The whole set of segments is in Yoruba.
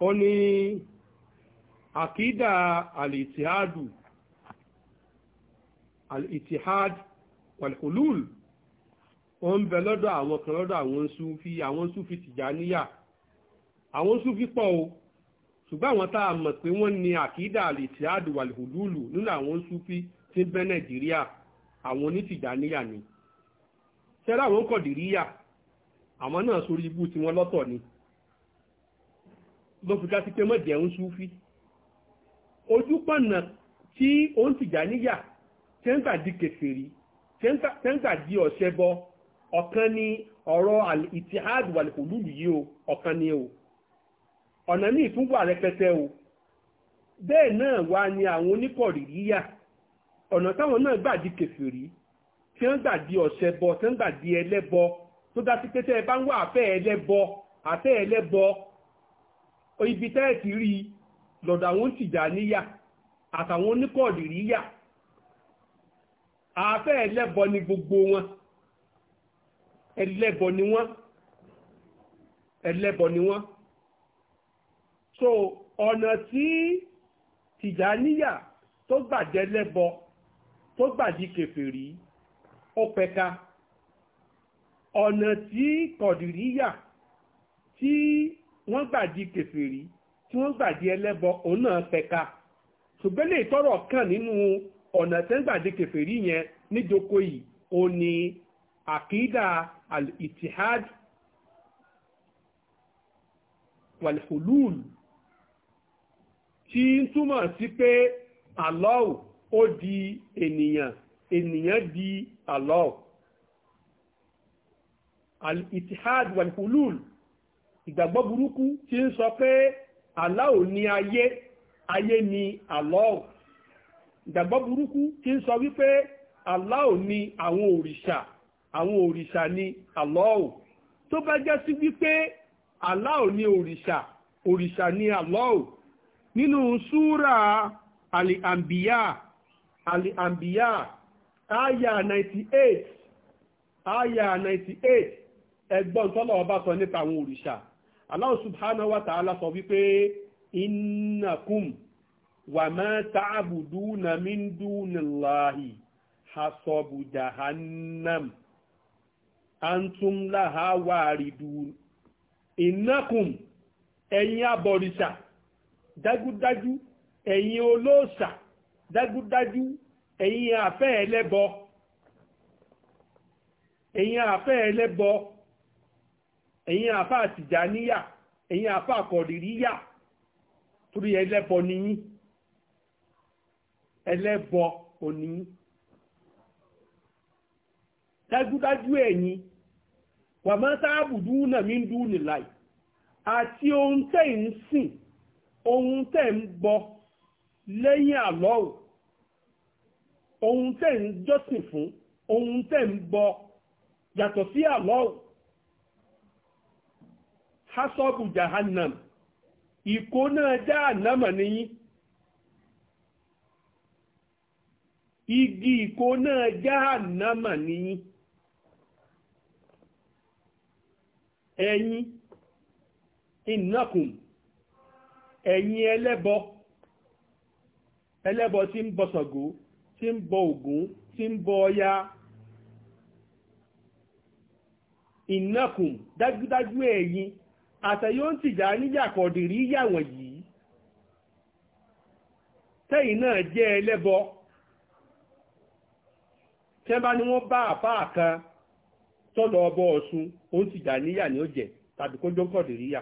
ó ní àkídà alìtìhádù alìtìhád wàlhùlùl ó ń bẹ lọ́dọ̀ àwọn kan lọ́dọ̀ àwọn súfí àwọn súfí tìjàníyà àwọn súfí pọ̀ o ṣùgbọ́n àwọn tá a mọ̀ pé wọ́n ní àkídà alìtìhádù wàlhùlùl nínú àwọn súfí tí ń bẹ nàìjíríà àwọn onítìjàníyà ni ṣẹ́rẹ́ àwọn kọ̀dìríyà àwọn náà sórí ibú tiwọn lọ́tọ̀ ni ló fi dásí pé mọ́jẹ̀ ń súfí ojúpọ̀nà tí ó ń tìjà níyà tẹ́ńgbà di kèfèrí tẹ́ńgbà di ọ̀ṣẹ́ bọ ọ̀kan ni ọ̀rọ̀ ìtìhádù wà lùlù yìí o ọ̀kan ni o ọ̀nà ní ìtúnwà rẹpẹtẹ o bẹ́ẹ̀ náà wá ni àwọn oníkọ̀rí yíyà ọ̀nà táwọn náà gbà di kèfèrí tí wọ́n ọ̀ṣẹ́ bọ tí wọ́n gbà ẹlẹ́bọ tó dá sí pé tẹ́ ẹ bá ń wá àfẹ́ ẹlẹ́bọ àfẹ́ ẹlẹ́bọ ibi tẹ́ẹ̀ ti rí lọ́dọ̀ àwọn Tìjàníyà àtàwọn oníkọ̀ọ̀dìríyà àfẹ́ ẹlẹ́bọ ni gbogbo wọn ẹlẹ́bọ ni wọ́n ẹlẹ́bọ ni wọ́n so ọ̀nà tí Tìjàníyà tó gbàjẹ́ lẹ́bọ tó gbàjí kèfèrí ó pẹ̀ka ọ̀nà tí kọ̀dìríyà tí wọ́n gbà di kèfèrí tí wọ́n gbà di ẹlẹ́bọ òun náà fẹ̀ka ṣùgbọ́n lè tọrọ kàn nínú ọ̀nà tẹ́ ń gbà di kèfèrí yẹn níjoko yìí ó ní àkídà al-ittihad wal-hulul tí ń túmọ̀ sí pé Allah ó di ènìyàn ènìyàn di Allah al-ittihad wal-hulul. al ittihad wal ìgbàgbọ́ burúkú tí ń sọ pé aláò ní ayé ayé ni àlọ́ọ̀ ìgbàgbọ́ burúkú tí ń sọ wípé aláò ní àwọn òrìṣà àwọn òrìṣà ni àlọ́ọ̀ tó bá jẹ́ sí wípé aláò ní òrìṣà òrìṣà ni àlọ́ọ̀ nínú súrà àlìàmbíyà àlìàmbíyà áyà 98 áyà 98 ẹgbọ́n tọ́lọ̀ ọba sọ nípa àwọn òrìṣà Allah subhanahu wa ta'ala sọ wípé innakum wa ma na min dunillahi hasabu jahannam antum laha waridun innakum ẹ̀yin abọ̀rìṣà dájúdájú ẹ̀yin olóòṣà dájúdájú ẹ̀yin àfẹ́ ẹlẹ́bọ ẹ̀yin àfà àtìjàníyà ẹ̀yin àfà àkọ̀rìríyà torí ẹlẹ́bọ nìyí ẹlẹ́bọ òní dájúdájú ẹ̀yin wàmọ́ sáàbùdú náà mi ń dún nìláì àti ohun tẹ́ ń sìn ohun tẹ́ ń bọ lẹ́yìn àlọ́wù ohun tẹ́ ń jọ́sìn fún ohun tẹ́ ń bọ yàtọ̀ sí àlọ́wù hasọ́bù jahannam ìkó náà jahannama nìyí igi ìkó náà jahannama nìyí ẹ̀yin innakum ẹ̀yin ẹlẹ́bọ ẹlẹ́bọ ti ń bọ Ṣàngó ti ń bọ Ògún ti ń bọ Ọya innakum dájúdájú ẹ̀yin àtẹ̀yọ́ ń o níyàkọ̀dìrí yàwọ̀n yìí tẹ́yìn náà jẹ́ ẹlẹ́bọ tẹ́bá ni wọ́n bá ni kan tọ́lọ ọbọ ọ̀ṣun ó ń tìjà níyà ní ó jẹ tàbí kó jókọ̀dìrí yà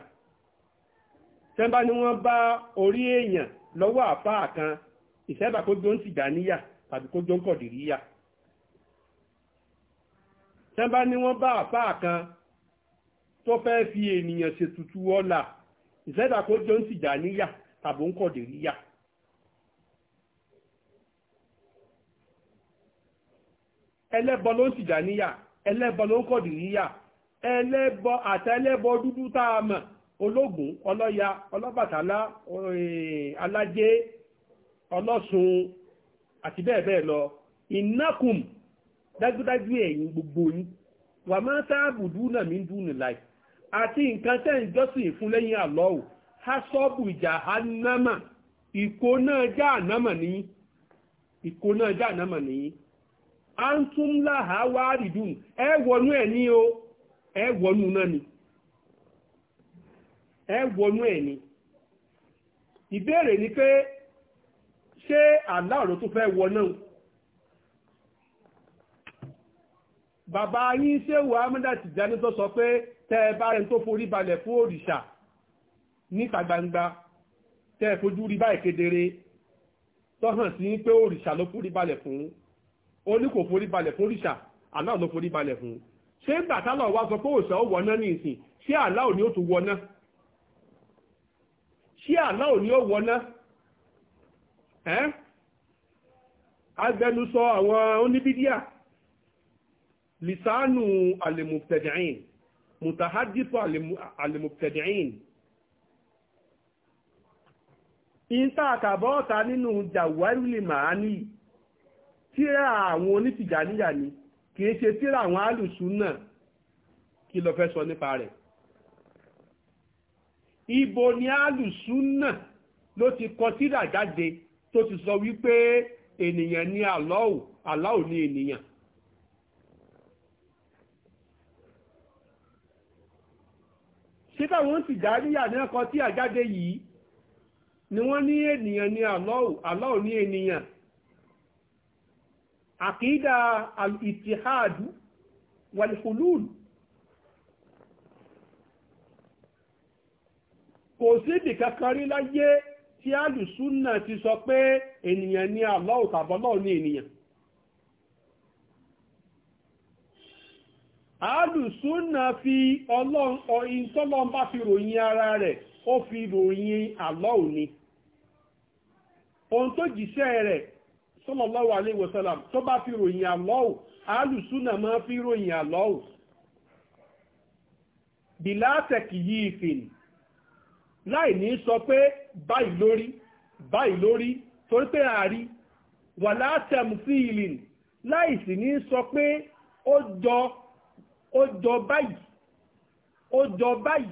tẹ́bá ni wọ́n bá orí èèyàn lọ́wọ́ kan kó ń níyà tàbí ni wọ́n bá kan tó fẹ́ fi ènìyàn ṣètùtù ọlà ìṣẹ́dà kó jọ ń tìjà níyà tàbí ń kọ̀dé níyà. ẹlẹ́bọ ló ń tìjà níyà ẹlẹ́bọ ló ń kọ̀dé níyà ẹlẹ́bọ àtẹlẹ́bọ dúdú tá a mọ̀ ológun ọlọ́ya ọlọ́bàtálá eh, alájẹ ọlọ́sùn àti bẹ́ẹ̀ bẹ́ẹ̀ lọ ìnákùm dájúdájú ẹ̀yin gbogbo yín wà máa táàbù dúnà mí dúnà láì àti nǹkan tẹ́ ń jọ́sìn fún lẹ́yìn Ha hasọ́bù bụ ìkóná jahannama ní ìkóná jahannama ní antumlaha wáàrídùn ẹ wọnú ẹ̀ ní o ẹ wọnú náà ni ẹ wọnú ẹ̀ ní ìbéèrè ni pé ṣé aláàrò tó fẹ́ wọ náà bàbá yín ṣéwò amúdàtìjáni tó sọ pé tẹ́ ẹ bá rẹ̀ tó forí balẹ̀ fún òrìṣà níta gbangba tẹ́ ẹ fojú rí báyìí kedere tó hàn sí pé òrìṣà ló forí balẹ̀ fún ó ní kò forí balẹ̀ fún òrìṣà Allah ló forí balẹ̀ fún ṣé ń bàtà lọ wá sọ pé òrìṣà ó wọná ní ìsìn ṣé Allah ni ó tún wọná ṣé Allah ni ó wọná ẹ́ agbẹnusọ àwọn oníbídíà lisanu alimubtadi'in mùtàhádìfù àlèmùtẹ̀dẹ̀yìn ìta àkàbọ́ọ̀ta nínú jàwárìlì màání tíra àwọn onítìjàníyà ni kìí ṣe tíra àwọn alùsùn náà kí ló fẹ́ sọ nípa rẹ̀ ibo ni alùsùn náà ló ti kọ tíra jáde tó ti sọ wípé ènìyàn ni àlọ́ò àlọ́ò ni ènìyàn ṣé táwọn ti dá níyà náà kọ tí àjáde yìí ni wọ́n ní ènìyàn ní Allahu Allahu ní ènìyàn àkídà al-ittihadu wal-hulul kò sídì kankan láyé tí alùsùn náà ti sọ pé ènìyàn ní Allahu tàbí ní ènìyàn alùsùnà fi ọlọ́run tọ́lọ́n bá fi ròyìn ara rẹ̀ ó fi ròyìn àlọ́ òní ohun tó jìṣẹ́ rẹ̀ sallallahu alaihi tó bá fi ròyìn àlọ́ ò fi ròyìn àlọ́ ò bìlátẹ̀kì yìí fìn láì sọ pé báyìí lórí báyìí lórí torí pé àárí wà látẹ̀mù sọ pé ó jọ ó jọ báyìí ó jọ báyìí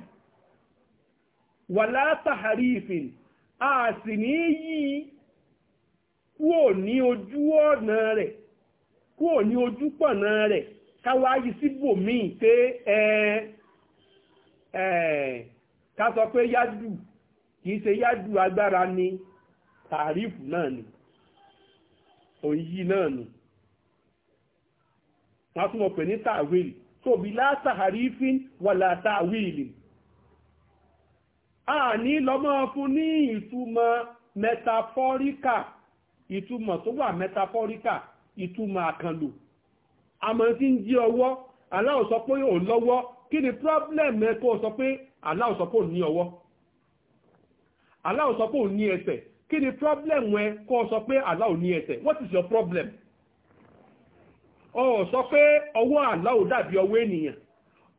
wàlá taharifin a sì ní yí kúò ní ojú ọ̀nà rẹ̀ kúò ní ojú pọ̀nà rẹ̀ káwá yí síbòmíì pé ẹ ẹ ká sọ pé yádù kìí ṣe yádù agbára ni tàrífù náà ni òyí náà ni wọ́n tún mọ̀ pé ní tàwílì so bí harifin wà látàwílì a ní lọ́mọ́ fún ní ìtumọ̀ mẹtafọ́ríkà ìtumọ̀ tó wà mẹtafọ́ríkà ìtumọ̀ àkànlò àmọ́ tí ń jí ọwọ́ aláwọ̀ pé ò lọ́wọ́ kí ni problem ẹ kó sọ pé aláwọ̀ sọ pé ò ní ọwọ́ aláwọ̀ sọ pé ò ní ẹsẹ̀ kí ni problem ẹ kó sọ pé aláwọ̀ ní ẹsẹ̀ what is your problem? ọ sọ pé ọwọ́ àláò dàbí ọwọ́ ènìyàn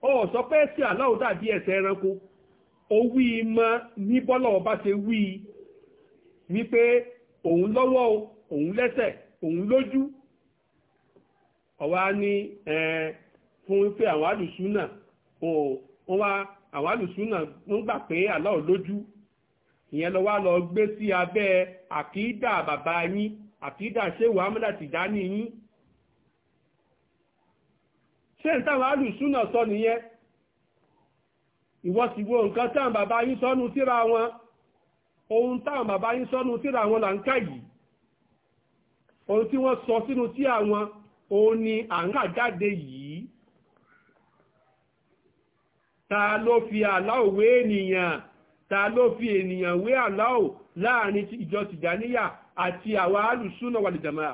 ọ sọ pé ẹsẹ̀ àláò dàbí ẹsẹ̀ ẹranko owí mọ ní bọ́lọ̀ ọba ṣe wí wípé òun lọ́wọ́ òun lẹ́sẹ̀ òun lójú ọwá ní fún wípé àwọn àlùsúnà wọ́n wá àwọn àlùsúnà ń gbà pé àláò lójú ìyẹn lọ wá lọ gbé sí abẹ́ àkídà bàbá yín àkídà ṣéwàá mọ́lá tìdá ní yín ṣé n táwọn alùsúnà sọ nìyẹn ìwọ sì wo nǹkan táwọn bàbá yín sọnù síra wọn ohun táwọn bàbá yín sọnù síra wọn là ń kà yìí ohun tí wọ́n sọ sínú tí àwọn òun ni à ń kà jáde yìí ta ló fi àláò wé ènìyàn ta ló fi ènìyàn wé àláò láàrin ìjọ tìjàníyà àti àwọn alùsúnà wàlìjàmáà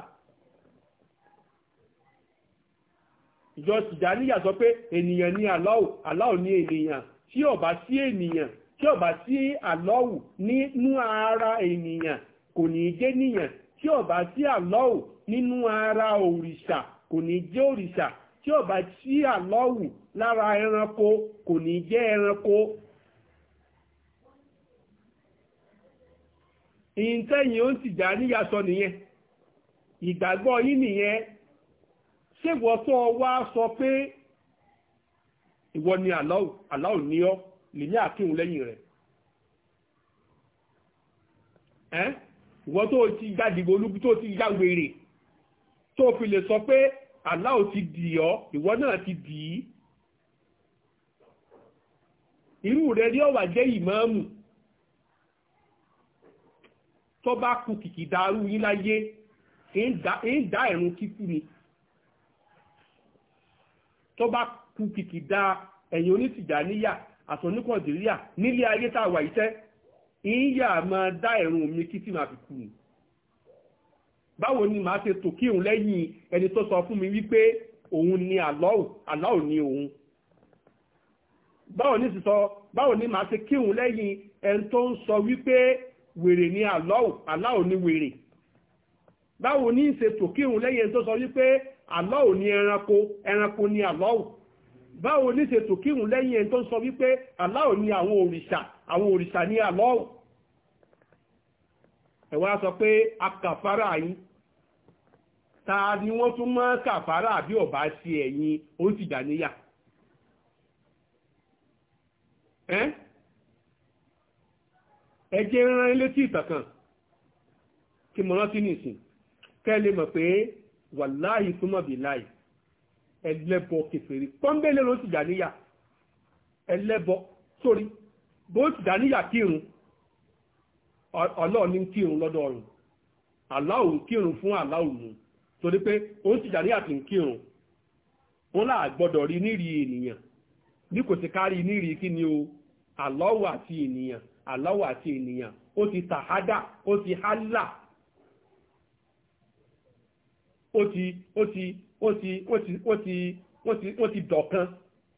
ìjọ tìjàníyà sọ pé ènìyàn ni aláwù aláwù ni ènìyàn tí ò bá sí ènìyàn tí ò bá sí aláwù nínú ara ènìyàn kò ní í jẹ́ nìyàn tí ò bá sí aláwù nínú ara òrìṣà kò ní í jẹ́ òrìṣà tí ò bá sí aláwù lára ẹranko kò ní í jẹ́ ẹranko. ìyìntẹ́yìn ó ń tìjàníyà sọ nìyẹn ìgbàgbọ́ yín nìyẹn ṣé ìwọ tó o wá sọ pé ìwọ ni Allah ní ọ lèmi àkíhùn lẹ́yìn rẹ̀ ẹ́ ìwọ tó ti gbàdìgbò olúkú tó ti gbàgbèrè tó fi lè sọ pé Allah ti dì ọ ìwọ náà ti dì í irú rẹ̀ rí ọ̀wà jẹ́ ìmáàmù tó bá kú kìkì dàrú yín láyé ń dá ẹ̀rùn kíkú ni tó bá kú kìkì da ẹ̀yin onítìjàníyà àtọ̀níkọ̀dìríyà nílé ayé tá a wà iṣẹ́ ìyá máa dá ẹ̀rùn mi kí tí màá fi kú báwo ni màá ṣe tò kírun lẹ́yìn ẹni tó sọ fún mi wípé òun ni àlọ́ òní òun báwo ni sì sọ báwo ni màá ṣe kírun lẹ́yìn ẹni tó ń sọ wípé wèrè ni àlọ́ àlá wèrè báwo ni ṣe tò kírun lẹ́yìn ẹni tó sọ wípé Allah ò ní ẹranko ẹranko ní Allah báwo ní ṣètò kírun lẹ́yìn ẹni tó ń sọ wípé Allah ni ní àwọn òrìṣà àwọn òrìṣà ní Allah ẹ wá sọ pé akàfàrà yín ta ni wọ́n tún mọ́ kàfàrà bí ọba sí ẹ̀yìn ó ti dà níyà ẹjẹ́ rán létí ìtàkàn kí mo rántí nìsín kẹ́ lè mọ̀ pé wàláhì súnmọ́ bí láì ẹlẹ́bọ kèfèrí pọ́ńbélé ló ti dà ẹlẹ́bọ sórí bó ti dà kírun ọlọ́ọ̀ni kírun lọ́dọ̀ ọ̀run aláwò kírun fún aláwò mu torí pé ó ti ń kírun wọn láà rí ènìyàn kò kárí kí ni o aláwò àti ènìyàn aláwò àti ènìyàn ó ti ó ti ó ti ó ti ó ti ó ti ó ti ó ti dọ̀kan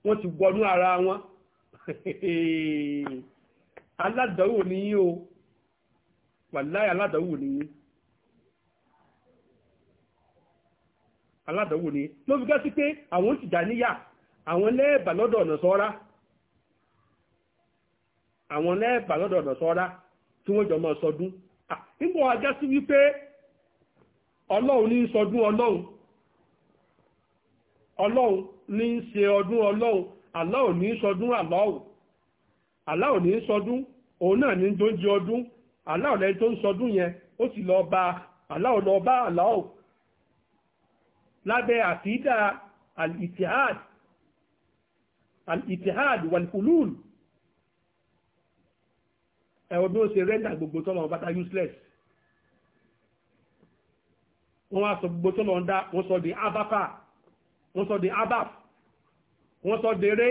wọ́n ti wọnú ara wọn aládàáwò ni yín o wàláì aládàáwò ni yín aládàáwò ni ló fi gẹ́sí pé àwọn ti dà níyà àwọn lẹ́ẹ̀bà lọ́dọ̀ ọ̀nà sọ́ra àwọn lẹ́ẹ̀bà lọ́dọ̀ ọ̀nà sọ́ra tí wọ́n jọ mọ́ sọdún nígbà wá gẹ́sí wípé ọlọ́run ní sọdún ọlọ́run ọlọ́run ní ṣe ọdún ọlọ́run aláwọ̀ ní sọdún aláwọ̀ aláwọ̀ ní sọdún òun náà ní tó ń jẹ ọdún aláwọ̀ lẹ́yìn tó ń sọdún yẹn ó sì lọ bá aláwọ̀ lọ bá aláwọ̀ lábẹ́ àfídà al-ittihad al-ittihad wal-hulul ẹ̀wọ̀n ó gbogbo tọ́lọ̀ useless wọ́n a sọ gbogbo tó lọ ń dá wọ́n sọ di abapa wọ́n sọ di abap wọ́n sọ dèrè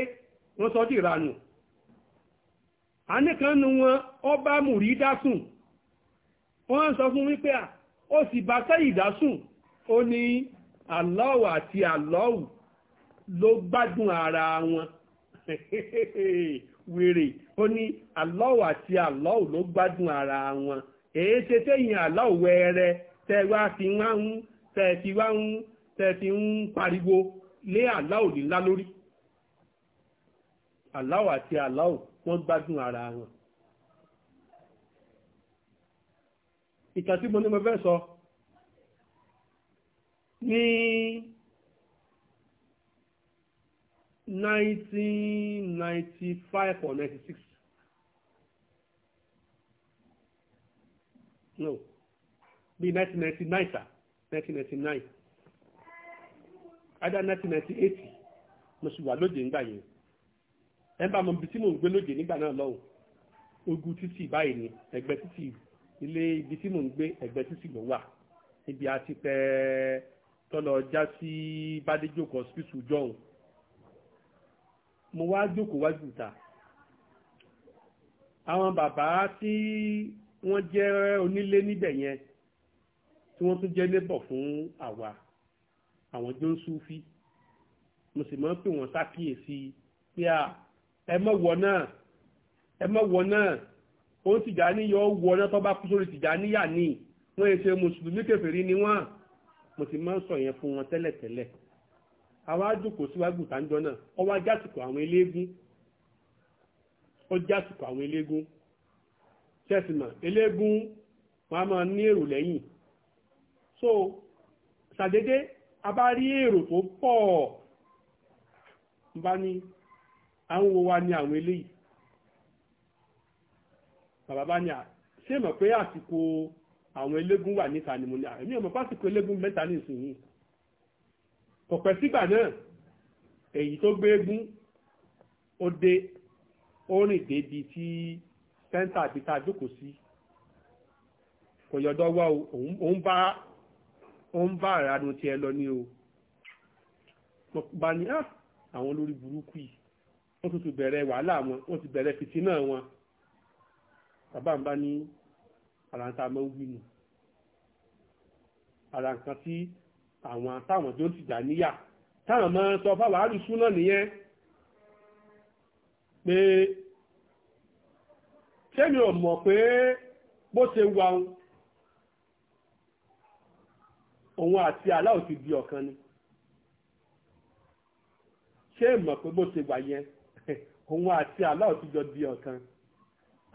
wọ́n sọ di ìranù wọn ọba mùrídá sùn wọ́n sọ fún wípé à ó sì bá sẹ́yìdá sùn ó ní àlọ́wù àti àlọ́wù ló gbádùn ara wọn wèrè ó ní àti àlọ́wù ló gbádùn ara wọn èé ṣe àlọ́wù tẹ́ fi ń tẹ́ fi wá ń ń pariwo lé aláwò nílá lórí aláwò àti aláwò wọ́n gbádùn ara wọn. ìtàn ní mo fẹ́ sọ ní 1995 or 96 no bíi 1999 sá 1999 ada 1998 mo sì wà lóde nígbà yẹn ẹ bá mọ ibi tí mò ń gbé lóde nígbà náà lọ́hùn ogun títì báyìí ni ẹ̀gbẹ́ títì ilé ibi tí mò ń gbé ẹ̀gbẹ́ títì ló wà níbi àti pẹ tọlọ já sí bádéjòkó hospital john mo wá jókòó wájú ìta àwọn bàbá tí wọ́n jẹ́ onílé níbẹ̀ yẹn tí wọ́n tún jẹ́ nébọ̀ fún àwa àwọn jọ ń súfí mo sì máa ń pè wọ́n sákìyèsí pé à ẹ mọ̀ wọ náà ẹ mọ̀ wọ náà ó ń tìjàní yọ wọ náà tó bá kú sórí tìjàní yà ní wọ́n yẹn ṣe mùsùlùmí kèfèrí ni wọ́n mo sì máa ń sọ yẹn fún wọn tẹ́lẹ̀tẹ́lẹ̀ àwa àjòkó síwájú tàǹjọ náà ọwọ́ ajásìkò àwọn eléégún ó jásìkò àwọn eléégún ṣẹ́sìmọ̀ eléégún wọn a máa ní èrò lẹ́yìn so ṣàdédé a èrò tó pọ̀ bá ní àwọn wa ni àwọn eléyìí bàbá bá ní à ṣé mọ̀ pé àsìkò àwọn wà níta ni mo ní àmì ọmọ pásìkò eléégún mẹ́ta ní ìsinyìí kò pẹ́ sígbà náà èyí tó gbé eégún ó dé ó rìn débi tí sẹ́ńtà àbíta jókòó sí kò yọ̀dọ̀ wá òun bá ó ń bá àràánú tiẹ̀ lọ ní o mo bá ní ah, àwọn olórí burúkú yìí wọ́n tún bẹ̀rẹ̀ wàhálà wọn wọ́n ti bẹ̀rẹ̀ náà wọn bàbá ń bá ní ara ń ta mọ́ wí nù ara nǹkan tí àwọn táwọn tó ti dà níyà táwọn máa ń sọ fáwọn àrùsùn náà nìyẹn pé sẹ́mi ò mọ̀ pé bó ṣe wà ń òun àti aláwọ̀ ti di ọ̀kan ni ṣé mọ̀ pé bó ṣe wà yẹn òun àti ti jọ di ọ̀kan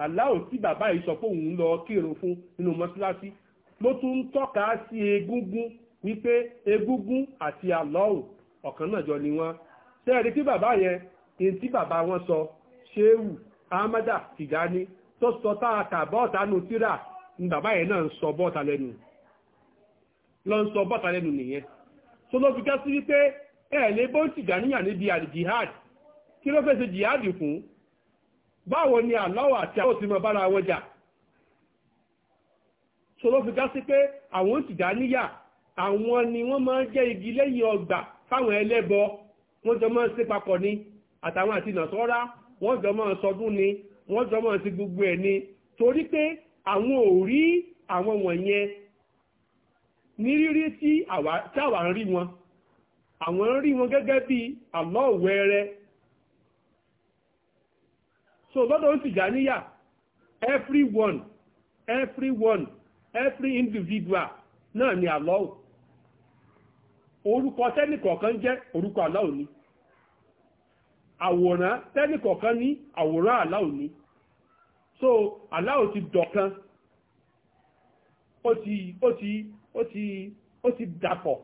aláwọ̀ tí bàbá yìí sọ pé òun lọ kírun fún nínú mọ́ṣáláṣí ló tún ń tọ́ka sí egungun wípé egúngún àti na ọ̀kan ni wọ́n ṣé ẹ̀rí tí bàbá yẹn ní tí bàbá wọn sọ ṣéwù ahmada tìgání tó sọ tá a kà bọ́ọ̀tà nù tíra ni bàbá yẹn náà ń sọ bọ́ọ̀tà lọ ń sọ bọ́ta lẹ́nu nìyẹn so ló fi ká sí wípé ẹ̀ lè bó ń tìjà níyà níbi àjihad kí ló fẹ́ jihad fún báwo ni àlọ́wọ̀ àti àwọn òsì mọ̀ bára wọn jà so ló fi ká sí pé àwọn tìjà níyà àwọn ni wọ́n máa ń jẹ́ igi lẹ́yìn ọgbà fáwọn ẹlẹ́bọ wọ́n jọ máa ń ṣe papọ̀ ni àtàwọn àti nàṣọ́ra wọ́n jọ máa sọdún ni wọ́n jọ máa ti gbogbo ẹ̀ ni torí pé àwọn ò rí àwọn wọ̀nyẹn ní rírí tí àwà ń rí wọn àwọn ń rí wọn gẹ́gẹ́ bí àlọ́ọ̀wẹ́rẹ́ so lọ́dọ̀ ó sì já níyà everyone everyone every individual náà ni àlọ́ọ̀ orúkọ tẹ́nìkọ̀ọ̀kan jẹ́ orúkọ àlọ́ọ̀ ni àwòrán tẹ́nìkọ̀ọ̀kan ní àwòrán àlọ́ọ̀ ni so àlọ́ọ̀ ti dọ̀kan ó ti ó ti ó ti ó ti dàpọ̀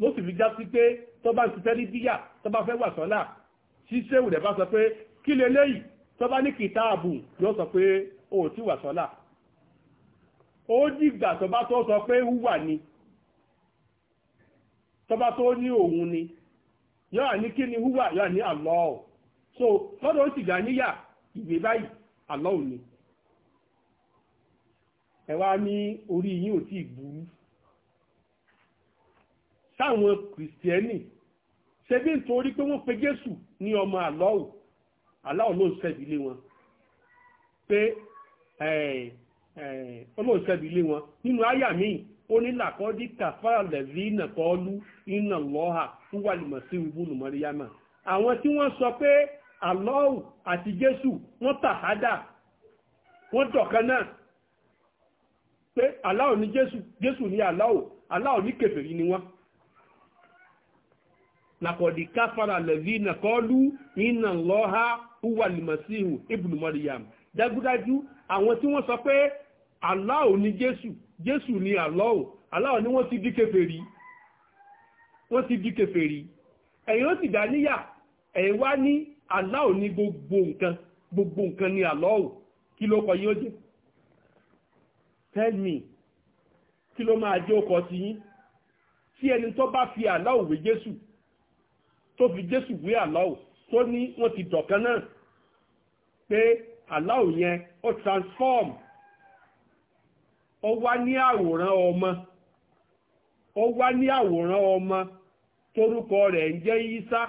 ló sì fi já sí pé tó bá ṣiṣẹ́ ní díyà tó bá fẹ́ wà tí sẹ́wù rẹ̀ bá sọ pé kí leléyìí tó bá ní sọ pé o ò tí wà sọ́là ó dìgbà tó bá tó ni tó bá tó ní ni yóò ní kí ni wúwà yóò ní so lọ́dọ̀ ó sì gbà níyà báyìí ni. ẹ wá ní orí yín ò tí ì burú sáwọn kìrìsìtẹ́nì ṣe bí nítorí pé wọ́n pe Jésù ní ọmọ àlọ́ọ̀ àlọ́ọ̀ ló ń ṣẹ̀bi lé wọn pé ọlọ́run ṣẹ̀bi lé wọn nínú àyà míì ó ní làkọ́dí kàfàrà lẹ́bí nàkọ́ọ́lú iná lọ́hà fún wàlùmọ̀sí ìbùnú mọ́ríyámà àwọn tí wọ́n sọ pé àlọ́ọ̀ àti Jésù wọ́n tàhádà wọ́n dọ̀kan náà pé aláò ní jésù jésù ní aláò aláò ní kèfèrí ni wọ́n lakọ̀dí káfàrà lẹ́bí nàkọ́lù iná lọ́ha uwa lìmọ̀síhù ibùdó mọ́ríyàm dájúdájú àwọn tí wọ́n sọ pé aláò ní jésù jésù ní aláò aláò ní wọ́n ti di kèfèrí wọ́n ti di kèfèrí ẹ̀yin ó sì dá níyà ẹ̀yin wá ní ní gbogbo nǹkan gbogbo nǹkan ní kí ló kọ jẹ́ tell me kí ló máa jẹ́ ọkọ̀ ti yín tí ẹni tó bá fi àláwò wé jésù tó fi jésù wé àláwò tó ní wọ́n ti dọ̀kan náà pé àláwò yẹn ó transform ó wá ní àwòrán ọmọ ó wá ní àwòrán ọmọ torúkọ rẹ̀ ń jẹ́ yísá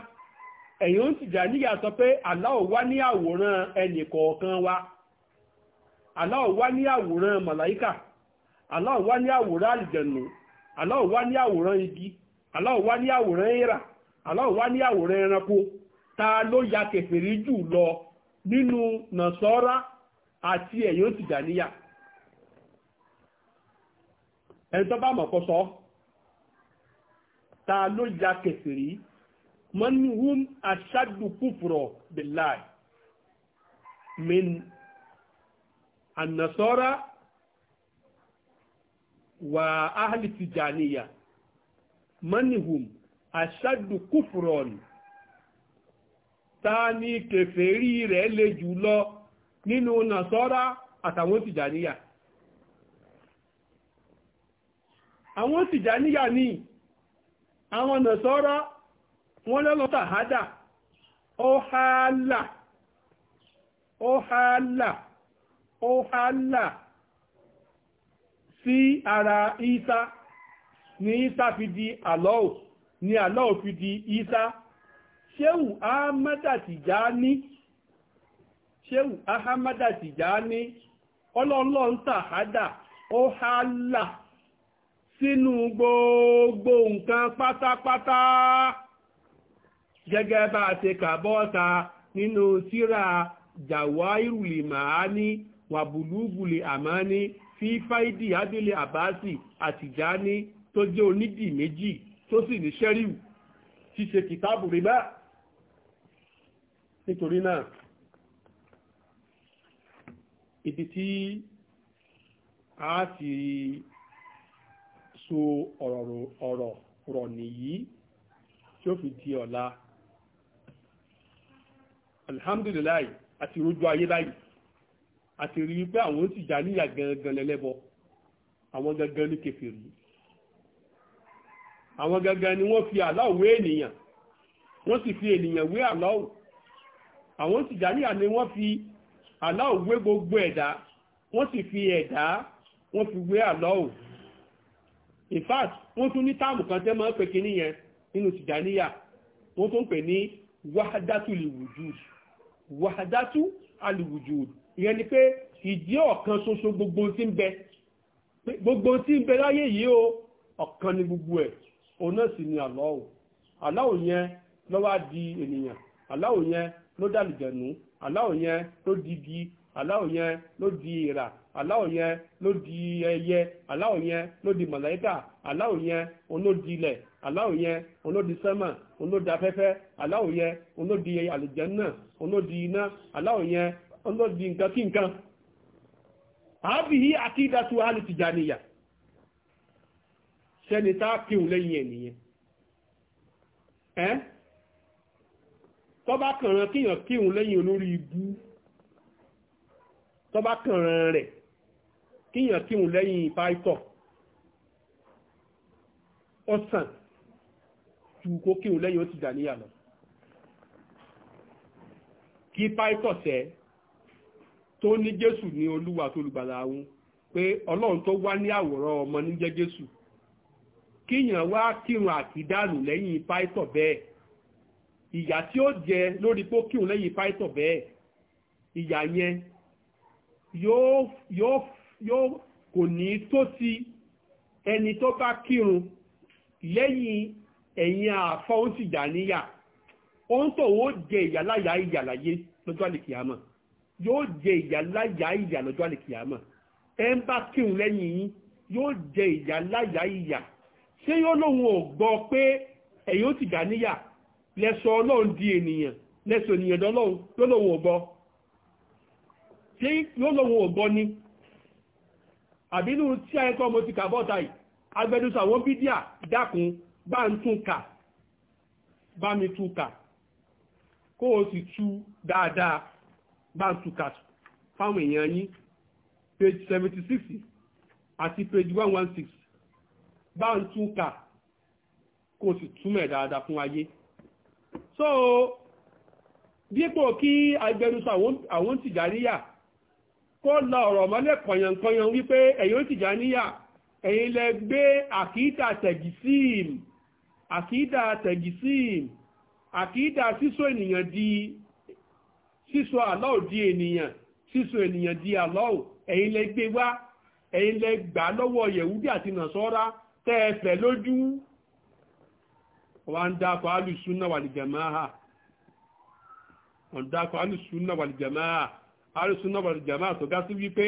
ẹ̀yin ó sì jà níyà sọ pé àláwò wá ní àwòrán ẹnì kọ̀ọ̀kan wa. Allah wá ní àwòrán màláíkà Allah wá ní àwòrán àlìjẹ̀nù Allah wá ní àwòrán igi Allah wá ní àwòrán ìrà Allah wá ní àwòrán ẹranko ta ló ya kèfèrí jù lọ nínú nàṣọ́rá àti ẹ̀yọ́ tìjàníyà ẹ̀ntọ́ bá mọ̀ kọ́ sọ ta ló ya kèfèrí mọ́nìhún aṣáàdùkúfùrọ̀ bìláì min النصارى وأهل التجانية من هم أشد كفرا ta ni kèfèrí re le jù lọ nínú nàṣọ́rá àtàwọn tìjàníyà àwọn tìjàníyà wọ́n lọ́lọ́ tàhádà ọ̀hálà ọ̀hálà ó hálà sí ara Isa ni Isa fi di àlọ́ò ni àlọ́ò fi di Isa ṣéhù Ahmada Tijani ṣéhù Ahmada Tijani ọlọ́ọ̀lọ́ ń tàhádà ó hálà sínú gbogbo nǹkan pátápátá gẹ́gẹ́ bá a ṣe kàbọ́ta nínú síra jàwáìrùlìmáà ní wàbùlùgùlè àmání fi fáìdì adélé àbáàsì àtìjáni tó jẹ́ onídì méjì tó sì ní sẹ́ríù ṣíṣe kìtàbù rí bá nítorí náà ibi tí a ti so ọ̀rọ̀ rọ̀ nìyí tí ó fi di ọ̀la alhamdulillah àti rojú ayé báyìí àti rí pé àwọn ó sì já níyà gangan lẹ́lẹ́bọ àwọn gangan ní kèfèrí àwọn gangan ni wọ́n fi Allah wé ènìyàn wọ́n sì fi ènìyàn wé Allah àwọn sì já níyà ni wọ́n fi Allah wé gbogbo ẹ̀dá wọ́n sì fi ẹ̀dá wọ́n fi wé Allah in fact wọ́n tún ní táàmù kan tẹ́ máa ń pè kíní yẹn nínú tìjàníyà wọ́n tún pè ní wahadatu liwujud wahadatu aliwujud ìyẹn ni pé ìdí ọ̀kan ṣoṣo gbogbo tí ń bẹ gbogbo tí ń bẹ láyé yìí o ọ̀kan ni gbogbo ẹ̀ òun náà sì ni àlọ́ọ̀ àlọ́ọ̀ yẹn ló wá di ènìyàn àlọ́ọ̀ yẹn ló dàlùjẹ̀nù àlọ́ọ̀ yẹn ló di igi aláwọ̀ yẹn ló di ìrà aláwọ̀ yẹn ló di ẹyẹ aláwọ̀ yẹn ló di màláíkà aláwọ̀ yẹn òun ló di ilẹ̀ aláwọ̀ yẹn òun ló di sẹ́mà òun ló di afẹ́fẹ́ aláwọ̀ yẹn òun ló di àlùjànnà òun ló di yẹn ọlọ́dì nǹkan kí nǹkan àábìyí àti ìdàtú àlù Tìjàníyà sẹ́ni tá kíhùn lẹ́yìn ẹ̀nìyàn ẹ́ tọ́bá kànràn kíyàn kíhùn lẹ́yìn olórí ibú tọ́bá kànràn rẹ̀ kíyàn kíhùn lẹ́yìn pàìkọ̀ ọ̀sán ju kó kíhùn lẹ́yìn ó Tìjàníyà lọ kí pàìkọ̀ sẹ́ẹ́ tó ní jésù ní olúwa tó lùgbàlà wọn pé ọlọ́run tó wá ní àwòrán ọmọ ní jẹ́ jésù kíyàn wá kírun àkídànù lẹ́yìn pító bẹ́ẹ̀ ìyà tí ó jẹ lórí pó kírun lẹ́yìn pító bẹ́ẹ̀ ìyà yẹn yóò yóò yóò kò ní tó ti ẹni tó bá kírun lẹ́yìn ẹ̀yìn àfọ́ ó sì jà níyà ó ń tọ̀ jẹ ìyàláyà ìyàláyé lọ́jọ́ àlèkìyàmọ̀ yóò jẹ ìyà láyà ìyà lọ́jọ́ àlèkìyàmọ̀ ẹ ń bá kírun lẹ́yìn yín yóò jẹ ìyà láyà ìyà ṣé yóò lóun ò gbọ́ pé ẹ̀yin ó ti níyà lẹ́sọ di ènìyàn lẹ́sọ ènìyàn lọ́lọ́run yóò lóun ò gbọ́ ṣé yóò lóun ni àbínú tí a mo ti kà bọ́ta yìí agbẹnusọ àwọn bídíà dákun bá ń tún kà bá mi tún kà o sì tú dáadáa bantukat fáwọn èèyàn yín page seventy six àti page one one six bantuka kò sì túmọ̀ dáadáa fún ayé so dípò kí agbẹnusọ àwọn tìjàníyà kó lọ ọ̀rọ̀ mọ́lẹ̀ kọ̀yànkọ̀yàn wípé ẹ̀yin tìjàníyà ẹ̀yin lẹ gbé àkídà tẹ̀gìsíìmù àkídà tẹ̀gìsíìmù àkídà sísọ ènìyàn di sísọ Allah di ènìyàn sísọ ènìyàn di Allah ẹ̀yin lẹ gbé wá ẹ̀yin lẹ gbà lọ́wọ́ yẹ̀wúdí àti nàṣọ́ra tẹ́ ẹ fẹ́ lójú wọ́n ń dákọ̀ alùsùnà wàlìjàmáà wọ́n ń dákọ̀ tó sí wípé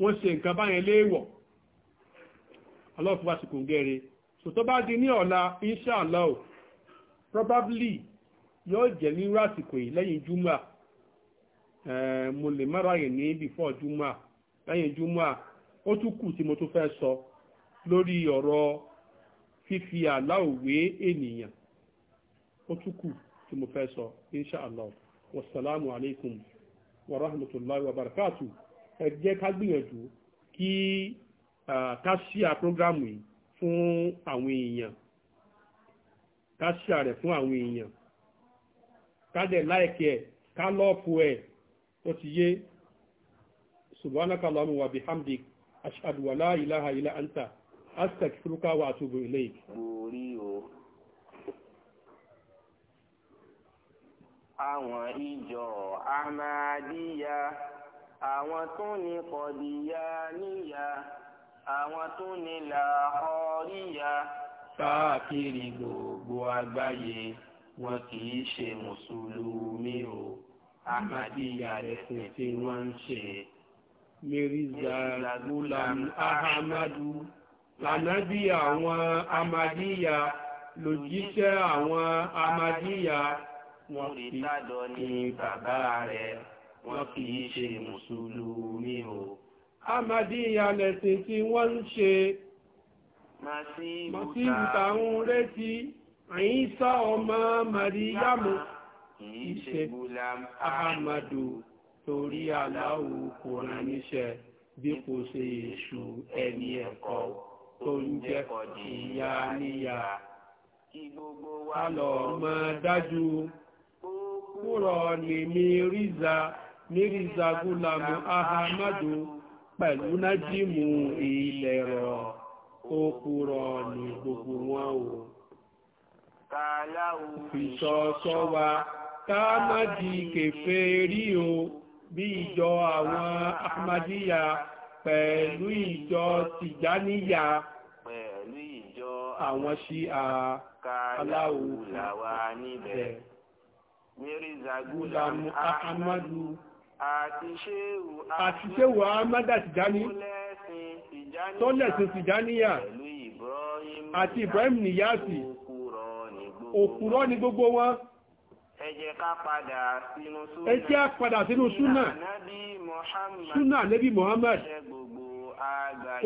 wọ́n ṣe nǹkan báyẹn léèwọ̀ probably yóò jẹ́ nírú àsìkò yìí lẹ́yìn júmọ́ mo lè má ráyè ní bífọ́ júmọ́ lẹ́yìn júmọ́ ó tún kù tí mo tún fẹ́ sọ lórí ọ̀rọ̀ fífi àlá òwe ènìyàn ó tún kù tí mo fẹ́ sọ inshàlá wasalaamu aleykum wa rahmatulahi wa barakatu ẹ jẹ́ ká gbìyànjú kí ká ṣíà prógrámù yìí fún àwọn èèyàn ká ṣíà rẹ̀ fún àwọn èèyàn kádẹ̀ láìkẹ̀ ẹ̀ ká lọ́ọ̀pù ẹ̀ tó ti yé subhanaka Allahumma wa bihamdik ashhadu wa la ilaha illa anta astaghfiruka wa atubu ilayk àwọn ìjọ gbogbo àgbáyé wọn kì í ṣe mùsùlùmí o ahmadiyya lẹ́sìn tí wọ́n ń ṣe. mirza gulam ahamadu lànàbí àwọn amadiyya lòjíṣẹ́ àwọn amadiyya wọn rí tádọ ní bàbá rẹ̀ wọn kì í ṣe mùsùlùmí o. amadiyya lẹ́sìn tí wọ́n ń ṣe. màsíwù tá retí. Anyị ọmọ ọma ìṣègùlám ahmadu torí aláwo kò rán níṣẹ́ bí kò ṣe èṣù ẹni ẹ̀kọ́ tó ń jẹ́ ya níyà ká lọ mọ dájú kúrọ̀ ní mírízà mírízà gúlam ilẹ̀ ìṣọ̀ṣọ́ wa ká má di kèfèrí o bí ìjọ àwọn ahmadiyya pẹ̀lú ìjọ tìjáníyà pẹ̀lú ìjọ àwọn ṣíà aláwo làwa níbẹ̀. Mirza Gulam Ahmadu àti Ṣéhù Ahmada Tìjání tó lẹ̀sìn Tìjáníyà àti Ibrahim Niyasi òkúrọ́ ni gbogbo wọn ẹ jẹ́ ká padà sínú súnà ẹ jẹ́ padà sínú súnà súnà nẹ́bí Muhammad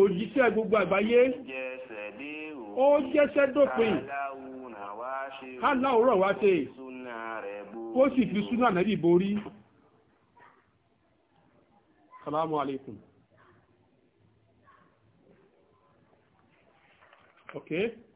òjíṣẹ́ gbogbo àgbáyé ó jẹ́ṣẹ́ dópin aláwòrán wá tẹ́ ó sì fi súnà nẹ́bí borí salamu alaikum okay